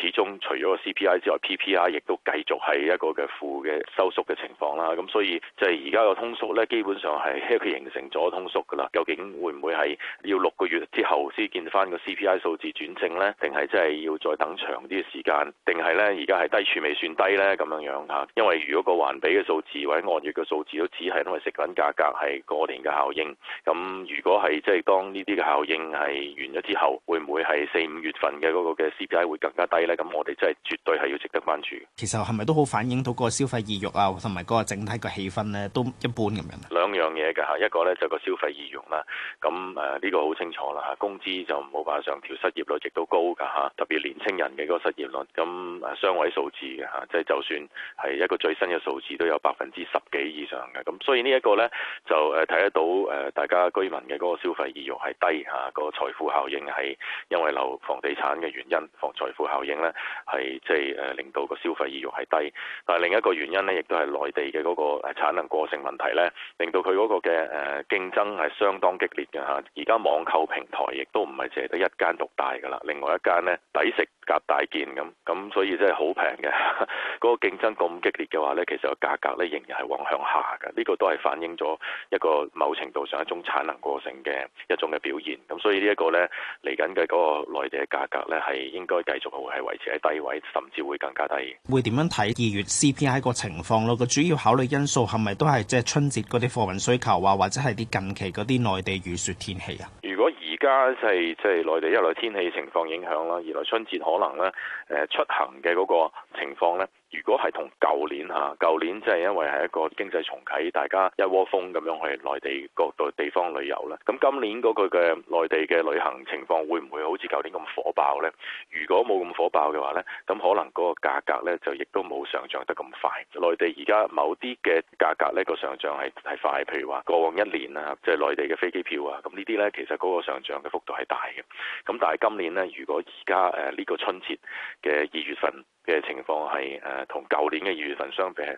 始終除咗個 CPI 之外，PPI 亦都繼續係一個嘅負嘅收縮嘅情況啦。咁所以即係而家個通縮咧，基本上係佢形成咗通縮噶啦。究竟會唔會係要六個月之後先見翻個 CPI 數字轉正咧？定係真係要再等長啲嘅時間？定係咧而家係低處未算低咧咁樣樣嚇？因為如果個環比嘅數字或者按月嘅數字都只係因為食品價格係過年嘅效應。咁如果係即係當呢啲嘅效應係完咗之後，會唔會係四五月份嘅嗰個嘅 CPI 會更加低咧，咁我哋真係絕對係要值得關注。其實係咪都好反映到個消費意欲啊，同埋個整體個氣氛咧都一般咁樣。兩樣嘢㗎嚇，一個咧就個消費意欲啦。咁誒呢個好清楚啦嚇，工資就冇辦法上調，失業率亦都高㗎嚇。特別年青人嘅嗰個失業率，咁雙位數字嘅嚇，即係就算係一個最新嘅數字都有百分之十幾以上嘅。咁所以呢一個咧就誒睇得到誒，大家居民嘅嗰個消費意欲係低嚇，個財富效應係因為樓、房地產嘅原因，房財富效。反映咧，係即係誒，令到個消費意欲係低。但係另一個原因呢亦都係內地嘅嗰個產能過剩問題呢，令到佢嗰個嘅誒競爭係相當激烈嘅吓，而家網購平台亦都唔係淨係得一間獨大㗎啦，另外一間呢抵食夾大件咁，咁所以真係好平嘅。嗰 個競爭咁激烈嘅話呢，其實個價格呢仍然係往向下嘅。呢、呢個都係反映咗一個某程度上一種產能過剩嘅一種嘅表現，咁所以呢一個呢嚟緊嘅嗰個內地嘅價格呢，係應該繼續。會係維持喺低位，甚至會更加低。會點樣睇二月 CPI 個情況咯？個主要考慮因素係咪都係即係春節嗰啲貨運需求啊，或者係啲近期嗰啲內地雨雪天氣啊？如果而家係即係內地一來天氣情況影響啦，二來春節可能咧，誒出行嘅嗰個情況咧。如果係同舊年嚇，舊年即係因為係一個經濟重啟，大家一窩蜂咁樣去內地各度地方旅遊咧。咁今年嗰個嘅內地嘅旅行情況會唔會好似舊年咁火爆呢？如果冇咁火爆嘅話呢，咁可能嗰個價格呢就亦都冇上漲得咁快。內地而家某啲嘅價格呢個上漲係係，快，譬如話過往一年啊，即係內地嘅飛機票啊，咁呢啲呢，其實嗰個上漲嘅幅度係大嘅。咁但係今年呢，如果而家誒呢個春節嘅二月份，嘅情況係誒同舊年嘅二月份相比，係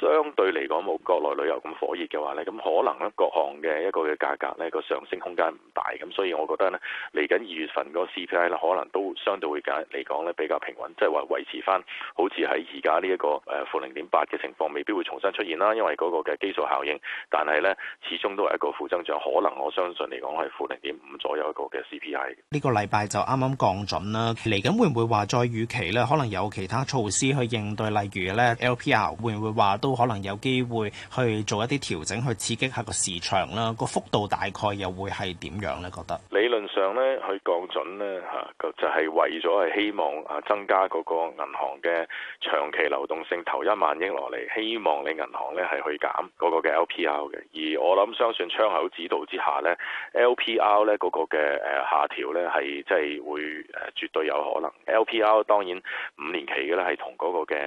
相對嚟講冇國內旅遊咁火熱嘅話咧，咁可能咧各項嘅一個嘅價格咧個上升空間唔大，咁所以我覺得呢嚟緊二月份嗰個 CPI 啦，可能都相對會解嚟講咧比較平穩，即係話維持翻好似喺而家呢一個誒、呃、負零點八嘅情況，未必會重新出現啦，因為嗰個嘅基數效應，但係咧始終都係一個負增長，可能我相信嚟講係負零點五左右一個嘅 CPI。個剛剛會會呢個禮拜就啱啱降準啦，嚟緊會唔會話再預期咧？可能有其其他措施去應對，例如咧 LPR 會唔會話都可能有機會去做一啲調整，去刺激下個市場啦。個幅度大概又會係點樣咧？覺得理論上咧，去降準咧吓就係、是、為咗係希望啊增加嗰個銀行嘅長期流動性，投一萬億落嚟，希望你銀行咧係去減嗰個嘅 LPR 嘅。而我諗相信窗口指導之下咧，LPR 咧嗰個嘅誒下調咧係即係會誒絕對有可能。LPR 當然五年係嘅啦，係同嗰個嘅誒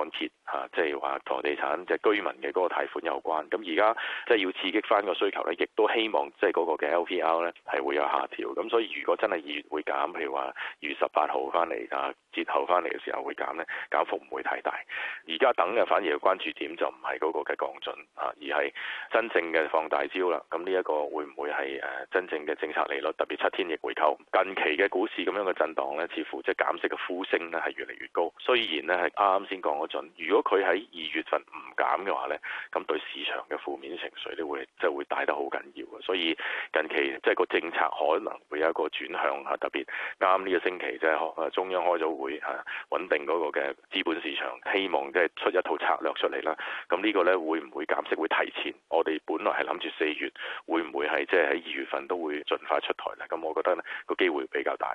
按揭吓，即係話房地產，即係居民嘅嗰個貸款有關。咁而家即係要刺激翻個需求咧，亦都希望即係嗰個嘅 LPR 咧係會有下調。咁所以如果真係二月會減，譬如話二月十八號翻嚟啊，節後翻嚟嘅時候會減咧，降幅唔會太大。而家等嘅反而嘅關注點就唔係嗰個嘅降準啊，而係真正嘅放大招啦。咁呢一個會唔會係誒真正嘅政策利率，特別七天逆回購？近期嘅股市咁樣嘅震蕩咧，似乎即係減息嘅呼聲咧係越嚟越高。雖然咧係啱先講嗰陣，如果佢喺二月份唔減嘅話咧，咁對市場嘅負面情緒咧會即係會帶得好緊要嘅。所以近期即係、就是、個政策可能會有一個轉向嚇，特別啱呢個星期即係、是、中央開咗會嚇、啊，穩定嗰個嘅資本市場，希望即係出一套策略出嚟啦。咁呢個咧會唔會減息會提前？我哋本來係諗住四月，會唔會係即係喺二月份都會盡快出台咧？咁我覺得呢個機會比較大。